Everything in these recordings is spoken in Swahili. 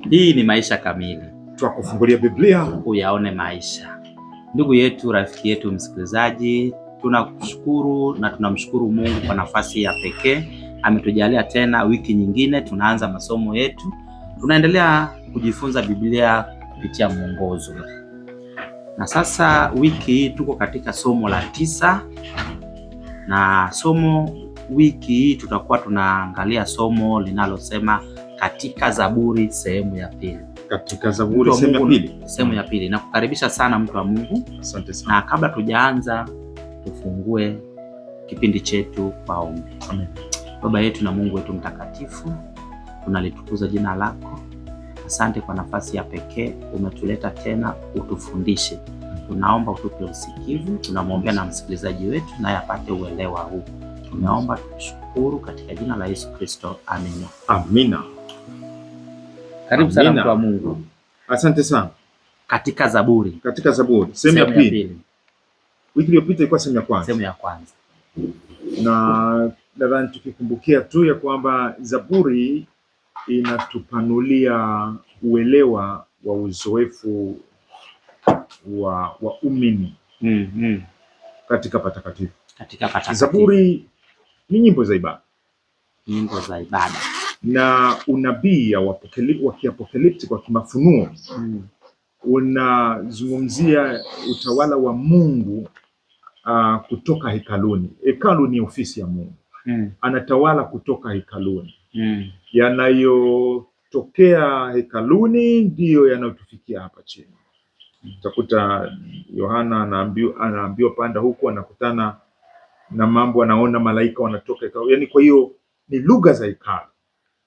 Hii ni Maisha Kamili, twakufungulia Biblia uyaone maisha. Ndugu yetu, rafiki yetu, msikilizaji, tunakushukuru na tunamshukuru Mungu kwa nafasi ya pekee ametujalia tena wiki nyingine. Tunaanza masomo yetu, tunaendelea kujifunza Biblia kupitia mwongozo, na sasa wiki hii tuko katika somo la tisa na somo wiki hii tutakuwa tunaangalia somo linalosema katika Zaburi sehemu ya pili katika Zaburi sehemu ya pili sehemu ya pili. Nakukaribisha sana mtu wa Mungu. Asante sana. Na kabla tujaanza, tufungue kipindi chetu kwa ombi. Amen. Baba yetu na Mungu wetu mtakatifu, tunalitukuza jina lako. Asante kwa nafasi ya pekee umetuleta tena, utufundishe. Tunaomba utupe usikivu. Tunamwombea na msikilizaji wetu naye apate uelewa huu. Tunaomba tukushukuru katika jina la Yesu Kristo, amina. Amina. Karibu sana mtu wa Mungu. Asante sana. Katika Zaburi. Katika Zaburi. Sehemu ya pili. Wiki iliyopita ilikuwa sehemu ya kwanza. Sehemu ya kwanza. Na nadhani tukikumbukia tu ya kwamba Zaburi inatupanulia uelewa wa uzoefu wa wa umini mm, mm. Katika patakatifu. Katika patakatifu. Zaburi ni nyimbo za ibada. Nyimbo za ibada na unabii wa kiapokalipti kwa kimafunuo mm. unazungumzia utawala wa Mungu uh, kutoka hekaluni. Hekalu ni ofisi ya Mungu mm. anatawala kutoka hekaluni mm. yanayotokea hekaluni ndiyo yanayotufikia hapa chini hmm. utakuta Yohana anaambiwa, anaambiwa panda huku, anakutana na mambo, anaona malaika wanatoka hekalu. Yani, kwa hiyo ni lugha za hekalu.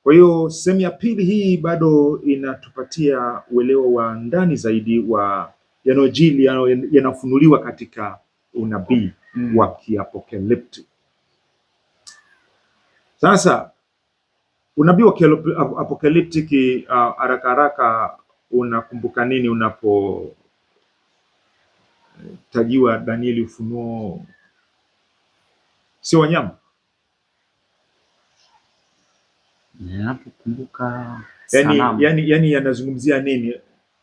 Kwa hiyo sehemu ya pili hii bado inatupatia uelewa wa ndani zaidi wa yanayojili yanayofunuliwa katika unabii mm. wa kiapokalipti. Sasa unabii wa apokaliptiki uh, haraka uh, haraka unakumbuka nini unapotajiwa eh, Danieli, Ufunuo? Sio wanyama Ninapokumbuka yani, yaani, yani, yani yanazungumzia nini?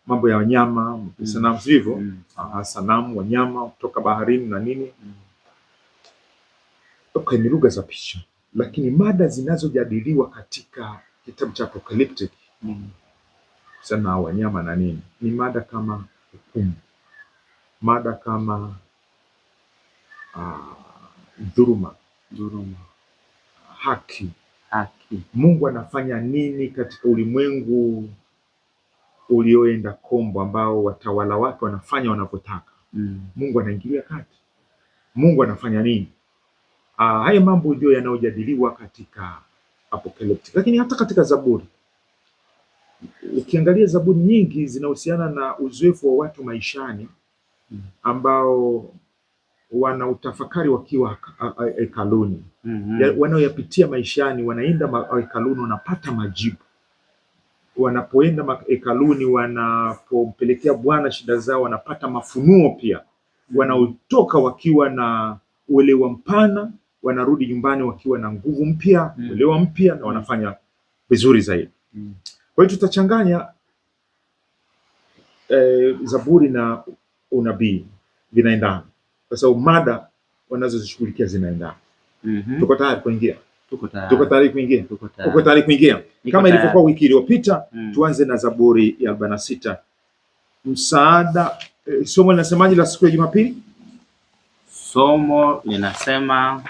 Mambo ya wanyama mm. Sanamu sivyo? mm. Ah, ah, sanamu wanyama kutoka baharini na nini mm. Okay, ni lugha za picha, lakini mada zinazojadiliwa katika kitabu cha Apocalyptic mm. sana wanyama na nini ni mada kama hukumu, mada kama ah, dhuruma dhuruma haki Mungu anafanya nini katika ulimwengu ulioenda kombo ambao watawala wake wanafanya wanavyotaka. Mm. Mungu anaingilia kati. Mungu anafanya nini? Ah, haya mambo ndio yanayojadiliwa katika apocalyptic, lakini hata katika Zaburi ukiangalia Zaburi nyingi zinahusiana na uzoefu wa watu maishani mm. ambao wana utafakari wakiwa hekaluni mm -hmm. wanaoyapitia maishani, wanaenda hekaluni wanapata majibu, wanapoenda hekaluni, wanapompelekea Bwana shida zao wanapata mafunuo pia mm -hmm. wanaotoka wakiwa na uelewa mpana, wanarudi nyumbani wakiwa na nguvu mpya mm -hmm. uelewa mpya na wanafanya vizuri zaidi mm -hmm. kwa hiyo tutachanganya eh, Zaburi na unabii vinaendana kwa sababu mada wanazozishughulikia zinaendana. mm -hmm. Tuko tayari kuingia, tuko tayari kuingia, tuko tayari kuingia kama ilivyokuwa wiki iliyopita. mm. Tuanze na Zaburi ya arobaini na sita msaada. E, somo linasemaje la siku ya Jumapili? Somo linasema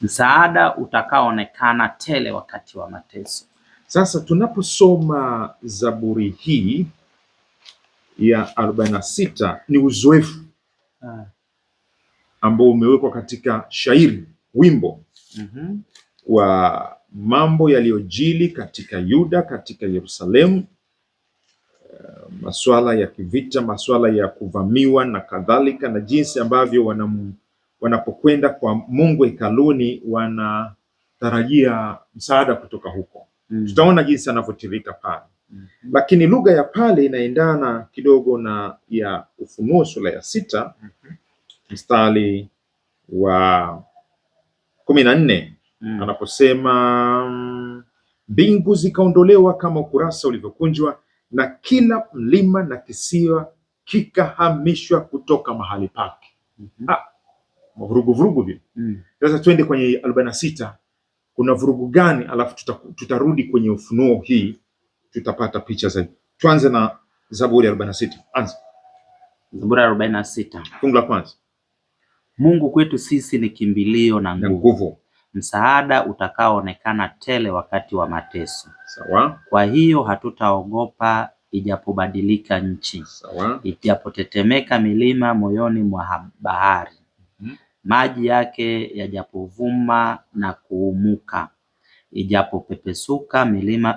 msaada utakaoonekana tele wakati wa mateso. Sasa tunaposoma Zaburi hii ya 46 ni uzoefu ambao umewekwa katika shairi wimbo kwa mhm. wa mambo yaliyojili katika Yuda, katika Yerusalemu, eh, maswala ya kivita, maswala ya kuvamiwa na kadhalika, na jinsi ambavyo wanam, wanapokwenda kwa Mungu hekaluni wanatarajia msaada kutoka huko mm. Tutaona jinsi anavyotirika pale -hmm. Lakini lugha ya pale inaendana kidogo na ya Ufunuo sura ya sita mm -hmm. mstari wa kumi na nne mm. anaposema mbingu zikaondolewa kama ukurasa ulivyokunjwa na kila mlima na kisiwa kikahamishwa kutoka mahali pake. mm -hmm. Ah, vurugu vurugu vile mm. sasa mm. Twende kwenye arobaini na sita kuna vurugu gani? Alafu tutarudi tuta kwenye ufunuo hii tutapata picha zaidi. Tuanze na Zaburi 46. Anza. Zaburi 46. Fungu la kwanza. Mungu kwetu sisi ni kimbilio na nguvu, msaada utakaoonekana tele wakati wa mateso. Sawa. Kwa hiyo hatutaogopa ijapobadilika nchi, sawa, ijapotetemeka milima moyoni mwa bahari, mm -hmm, maji yake yajapovuma na kuumuka, ijapopepesuka milima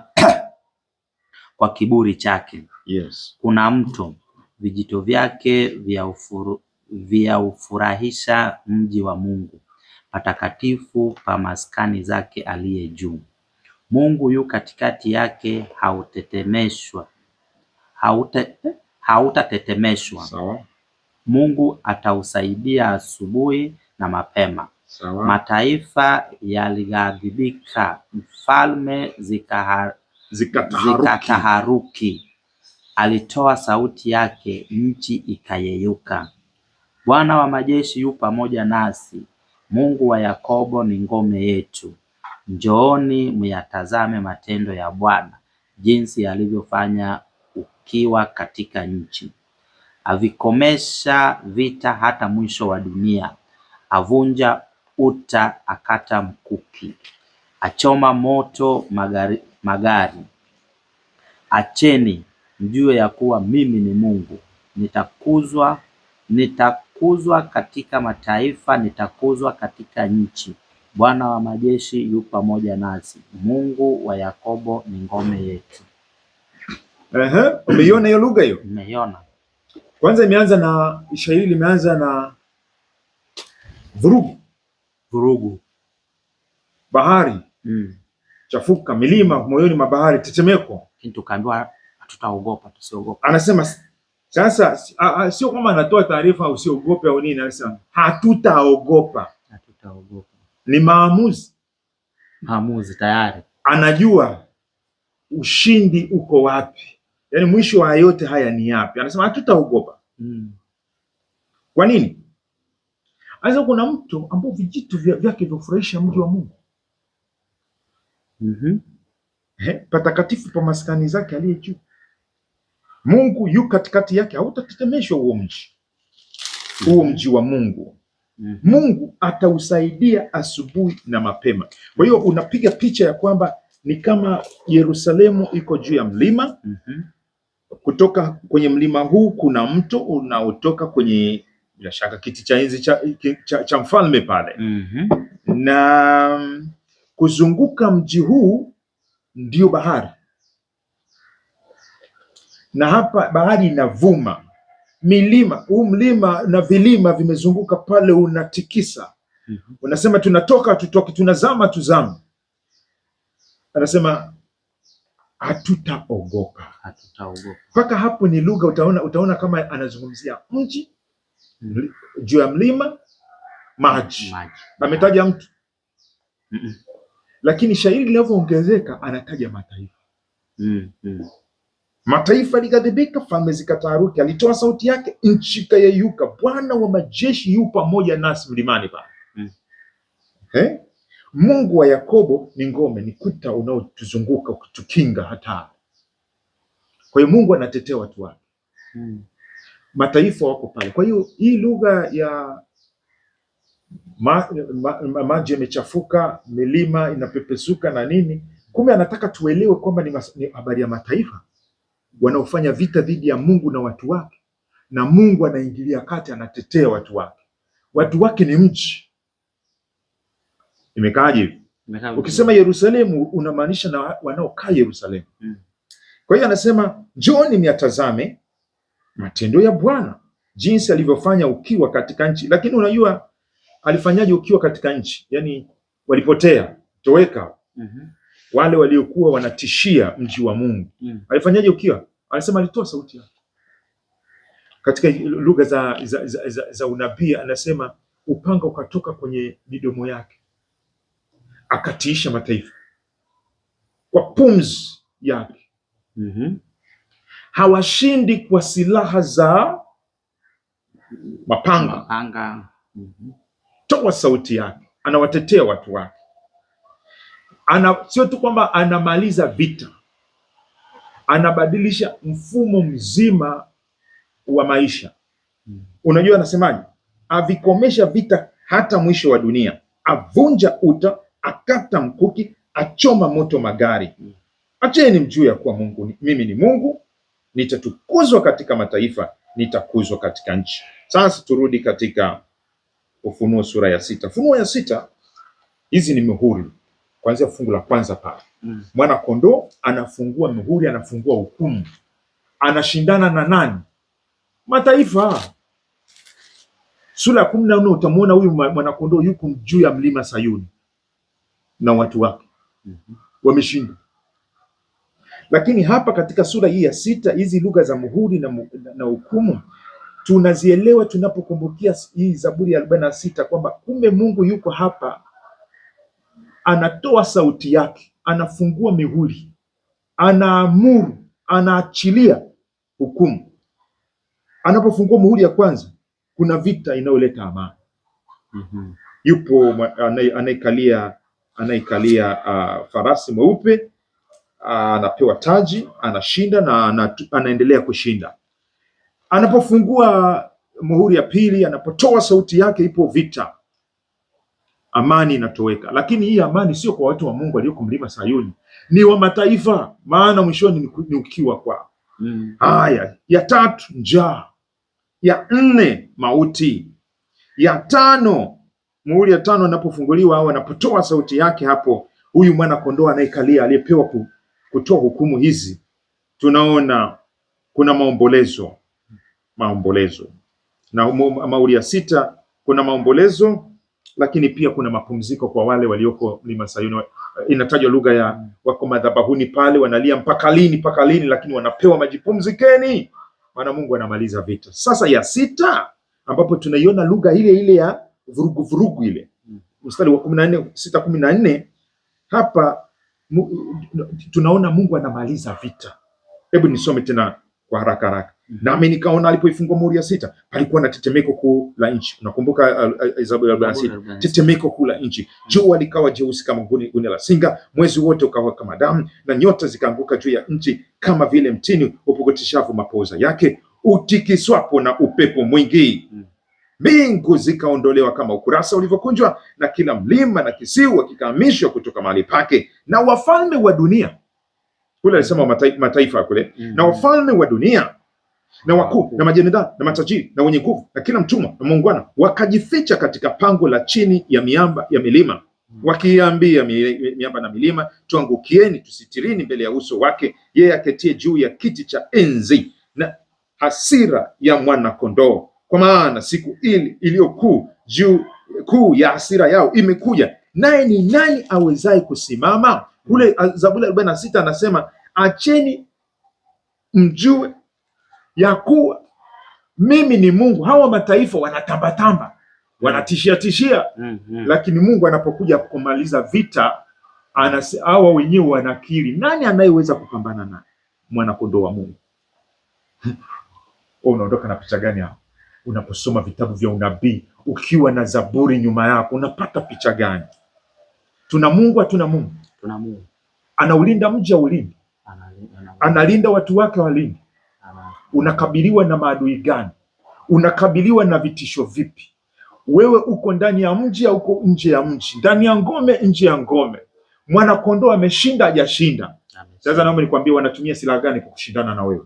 kwa kiburi chake. Yes. Kuna mto, vijito vyake vya ufuru, vya ufurahisha mji wa Mungu, patakatifu pa maskani zake aliye juu. Mungu yu katikati yake, hautetemeshwa haute, hautatetemeshwa. Sawa. Mungu atausaidia asubuhi na mapema. Sawa. Mataifa yalighadhibika, mfalme zikahar zikataharuki, Alitoa sauti yake, nchi ikayeyuka. Bwana wa majeshi yu pamoja nasi, Mungu wa Yakobo ni ngome yetu. Njooni myatazame matendo ya Bwana, jinsi alivyofanya ukiwa katika nchi. Avikomesha vita hata mwisho wa dunia, avunja uta, akata mkuki, achoma moto magari, magari. Acheni mjue ya kuwa mimi ni Mungu, nitakuzwa nitakuzwa katika mataifa, nitakuzwa katika nchi. Bwana wa majeshi yu pamoja nasi, Mungu wa Yakobo ni ngome yetu. Ehe, umeiona hiyo lugha hiyo? Nimeiona. Kwanza imeanza na shairi limeanza na vurugu vurugu, bahari mm chafuka, milima moyoni mwa bahari, tetemeko. Lakini tukaambiwa tutaogopa, tusiogope. Anasema sasa, sio kwamba anatoa taarifa usiogope au nini, anasema hatutaogopa. Hatutaogopa ni maamuzi, maamuzi tayari. Anajua ushindi uko wapi, yaani mwisho wa yote haya ni yapi. Anasema hatutaogopa. hmm. Kwa nini? Anasema kuna mtu ambao vijitu vyake vyafurahisha mji wa Mungu mm -hmm. patakatifu pa maskani zake aliye juu. Mungu yu katikati yake, hautatetemeshwa huo mji huo mji wa Mungu. mm -hmm. Mungu atausaidia asubuhi na mapema. Kwa hiyo unapiga picha ya kwamba ni kama Yerusalemu iko juu ya mlima. mm -hmm. Kutoka kwenye mlima huu kuna mto unaotoka kwenye, bila shaka, kiti cha enzi cha, cha, cha mfalme pale. mm -hmm. na Kuzunguka mji huu ndio bahari, na hapa bahari inavuma, milima huu mlima na vilima vimezunguka pale, unatikisa mm -hmm. Unasema tunatoka tutoke, tunazama tuzame. Anasema hatutaogopa, hatutaogopa. Mpaka hapo ni lugha, utaona utaona kama anazungumzia mji mm -hmm. juu ya mlima maji, ametaja mtu mm lakini shairi linavyoongezeka anataja mataifa mm, mm. Mataifa alighadhibika, falme zikataharuki, alitoa sauti yake, nchi kayeyuka Bwana wa majeshi yu pamoja nasi mlimani pa mm. Mungu wa Yakobo ni ngome, ni kuta unaotuzunguka ukitukinga hata Kwa hiyo Mungu anatetea watu wake mm. Mataifa wako pale. Kwa hiyo hii lugha ya maji ma, ma, yamechafuka, milima inapepesuka na nini. Kumbe anataka tuelewe kwamba ni, ni habari ya mataifa wanaofanya vita dhidi ya Mungu na watu wake, na Mungu anaingilia kati, anatetea watu wake. Watu wake ni mji. Imekaaje hivi? Ukisema Yerusalemu unamaanisha na wanaokaa Yerusalemu. hmm. Kwa hiyo anasema njooni miyatazame matendo ya Bwana jinsi alivyofanya ukiwa katika nchi. Lakini unajua alifanyaje ukiwa katika nchi? Yani walipotea toweka mhm. wale waliokuwa wanatishia mji wa Mungu. Mm. Alifanyaje ukiwa? Anasema alitoa sauti yake katika lugha za, za, za, za, za unabii anasema upanga ukatoka kwenye midomo yake akatiisha mataifa kwa pumzi yake. mm -hmm. Hawashindi kwa silaha za mapanga, mapanga. Mm -hmm kwa sauti yake, anawatetea watu wake. Ana sio tu kwamba anamaliza vita, anabadilisha mfumo mzima wa maisha. Unajua anasemaje? Avikomesha vita hata mwisho wa dunia, avunja uta, akata mkuki, achoma moto magari. Acheni mjue ya kuwa Mungu ni, mimi ni Mungu, nitatukuzwa katika mataifa, nitakuzwa katika nchi. Sasa turudi katika Ufunuo sura ya sita. funuo ya sita, hizi ni mihuri kuanzia fungu la kwanza pale mm. mwana kondoo anafungua mihuri, anafungua hukumu, anashindana na nani? Mataifa. Sura ya kumi na nne utamwona huyu mwanakondoo yuko juu ya mlima Sayuni na watu wake mm -hmm. wameshinda. Lakini hapa katika sura hii ya sita, hizi lugha za muhuri na hukumu tunazielewa tunapokumbukia hii Zaburi ya arobaini na sita kwamba kumbe Mungu yuko hapa, anatoa sauti yake, anafungua mihuri, anaamuru, anaachilia hukumu. Anapofungua muhuri ya kwanza, kuna vita inayoleta amani. mm -hmm. Yupo anayekalia anayekalia uh, farasi mweupe uh, anapewa taji, anashinda na anaendelea kushinda Anapofungua muhuri ya pili, anapotoa sauti yake, ipo vita, amani inatoweka. Lakini hii amani sio kwa watu wa Mungu walioko mlima Sayuni, ni wa mataifa, maana mwishoni ni ukiwa haya Mm. Haya, ya tatu njaa, ya nne mauti, ya tano muhuri ya tano anapofunguliwa au anapotoa sauti yake, hapo huyu mwana kondoo anayekalia aliyepewa kutoa hukumu hizi, tunaona kuna maombolezo, maombolezo. Na mauli ya sita kuna maombolezo, lakini pia kuna mapumziko kwa wale walioko mlima Sayuni. Inatajwa lugha ya wako madhabahuni pale, wanalia mpaka lini, mpaka lini, lakini wanapewa majipumzikeni maana Mungu anamaliza vita. Sasa ya sita ambapo tunaiona lugha ile ile ya vurugu vurugu ile mstari wa kumi na nne sita kumi na nne hapa tunaona Mungu anamaliza vita. Hebu nisome tena kwa haraka haraka nami nikaona alipoifungua muhuri ya sita palikuwa na tetemeko kuu la nchi. Unakumbuka Zaburi arobaini na sita tetemeko kuu la nchi, jua likawa jeusi kama gunia la singa, mwezi wote ukawa kama damu, na nyota zikaanguka juu ya nchi, kama vile mtini upokoteshavyo mapoza yake, utikiswapo na upepo mwingi. Hmm. Mbingu zikaondolewa kama ukurasa ulivyokunjwa, na kila mlima na kisiwa kikahamishwa kutoka mahali pake, na wafalme wa dunia kule, alisema mataifa kule, -hmm. na wafalme wa dunia na wakuu na majemadari na matajiri na wenye nguvu na kila mtumwa na muungwana wakajificha katika pango la chini ya miamba ya milima, wakiambia miamba na milima, tuangukieni, tusitirini mbele ya uso wake yeye aketie juu ya kiti cha enzi na hasira ya mwana kondoo Kwa maana siku ili iliyokuu juu kuu ya hasira yao imekuja, naye ni nani awezaye kusimama? Kule ah, Zaburi arobaini na sita anasema acheni mjue ya kuwa mimi ni Mungu. Hawa mataifa wanatambatamba, wanatishia tishia, mm -hmm. Lakini Mungu anapokuja kumaliza vita anasi, hawa wenyewe wanakiri, nani anayeweza kupambana naye? Mwanakondoo wa Mungu. Unaondoka na picha gani hapo? Unaposoma vitabu vya unabii ukiwa na Zaburi nyuma yako unapata picha gani? Tuna Mungu, hatuna Mungu? Tuna Mungu. Anaulinda mji aulinde, analinda watu wake walinde unakabiliwa na maadui gani, unakabiliwa na vitisho vipi? Wewe uko ndani ya mji au uko nje ya mji, ndani ya ngome, nje ya ngome? Mwanakondoo ameshinda hajashinda? Sasa naomba nikwambie, wanatumia silaha gani kukushindana na wewe?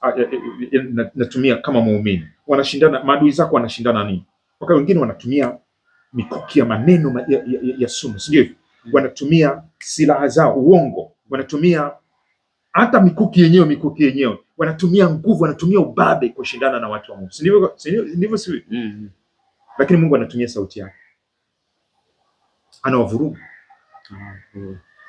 A, a, a, a, Natumia kama muumini, wanashindana maadui zako, wanashindana nini? Mpaka wengine wanatumia mikuki ya maneno ya, ya, ya sumu, sio hivyo? Hmm. Wanatumia silaha zao, uongo, wanatumia hata mikuki yenyewe, mikuki yenyewe wanatumia nguvu, wanatumia ubabe kushindana na watu wa Mungu, si ndivyo? si mm-hmm. Lakini Mungu anatumia sauti yake, anawavuruga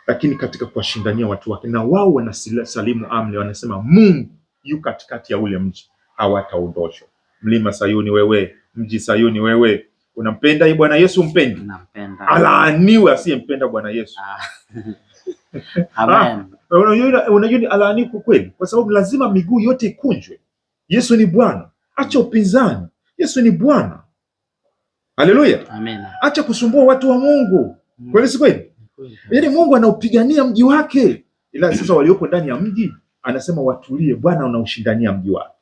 Lakini katika kuwashindania watu wake, na wao wanasalimu amri, wanasema Mungu yu katikati ya ule mji, hawataondoshwa. Mlima Sayuni wewe, mji Sayuni wewe, unampenda hii Bwana Yesu? Mpendi? Nampenda. Alaaniwe asiyempenda Bwana Yesu. Ah. Amen. Unajua alaani kwa kweli, kwa sababu lazima miguu yote ikunjwe. Yesu ni Bwana, acha upinzani. Yesu ni Bwana, haleluya, amen. Acha kusumbua watu wa Mungu, mm. kweli si kweli? Yaani Mungu anaupigania mji wake, ila sasa walioko ndani ya mji anasema watulie. Bwana anaushindania mji wake,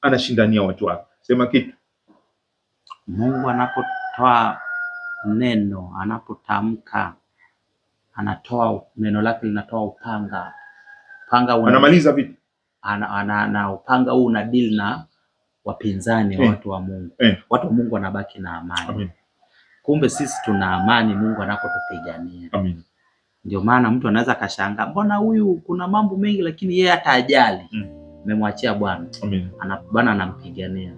anashindania watu wake. Sema kitu. Mungu anapotoa neno, anapotamka anatoa neno lake linatoa upanga. panga una, anamaliza vitu ana, ana, na upanga huu una deal na wapinzani wa eh, watu wa Mungu eh, watu wa Mungu wanabaki na amani Amen. Kumbe sisi tuna amani Mungu anapotupigania Amen. Ndio maana mtu anaweza akashangaa, mbona huyu kuna mambo mengi, lakini yeye hata ajali memwachia mm. Bwana Bwana anampigania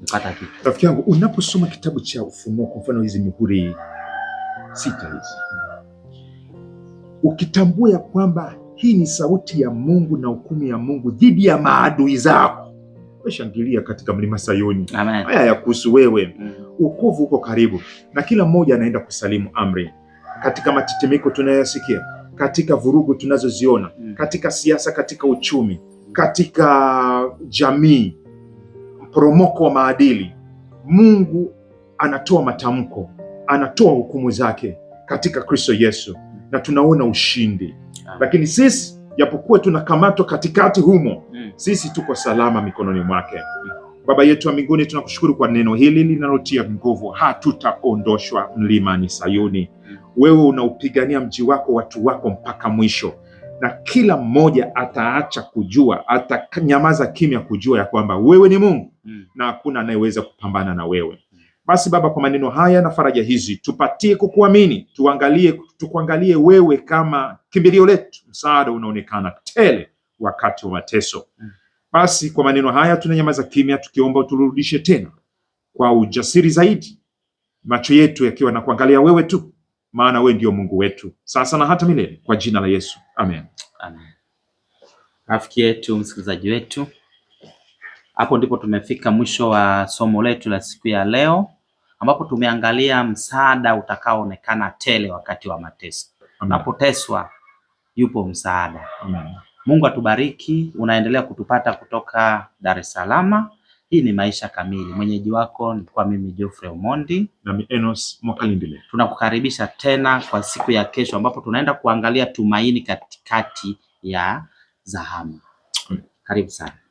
mpata kitu. Rafiki yangu, unaposoma kitabu cha Ufunuo, kwa mfano hizi mihuri sita hizi ukitambua ya kwamba hii ni sauti ya Mungu na hukumu ya Mungu dhidi ya maadui zako, shangilia katika mlima Sayuni. Haya ya kuhusu wewe Ukovu mm. uko karibu na kila mmoja anaenda kusalimu amri, katika matetemeko tunayosikia, katika vurugu tunazoziona mm. katika siasa, katika uchumi, katika jamii, mporomoko wa maadili. Mungu anatoa matamko, anatoa hukumu zake katika Kristo Yesu na tunaona ushindi Amen. Lakini sisi japokuwa tunakamatwa katikati humo mm. sisi tuko salama mikononi mwake mm. Baba yetu wa mbinguni, tunakushukuru kwa neno hili linalotia nguvu. Hatutaondoshwa mlimani Sayuni mm. Wewe unaupigania mji wako, watu wako mpaka mwisho, na kila mmoja ataacha kujua, atanyamaza kimya kujua ya kwamba wewe ni Mungu mm. na hakuna anayeweza kupambana na wewe. Basi Baba, kwa maneno haya na faraja hizi, tupatie kukuamini, tuangalie, tukuangalie wewe kama kimbilio letu, msaada unaonekana tele wakati wa mateso. Mm. Basi kwa maneno haya tunanyamaza kimya, tukiomba uturudishe tena kwa ujasiri zaidi, macho yetu yakiwa na kuangalia wewe tu, maana wewe ndio Mungu wetu sasa na hata milele, kwa jina la Yesu, amen, amen. Rafiki yetu, msikilizaji wetu, hapo ndipo tumefika mwisho wa somo letu la siku ya leo ambapo tumeangalia msaada utakaoonekana tele wakati wa mateso. Unapoteswa yupo msaada. Amen. Mungu atubariki. Unaendelea kutupata kutoka Dar es Salaam. Hii ni Maisha Kamili. Mwenyeji wako nilikuwa mimi Geoffrey Omondi mimi Enos Mwakalindile. Tunakukaribisha tena kwa siku ya kesho, ambapo tunaenda kuangalia tumaini katikati ya zahama. Karibu sana.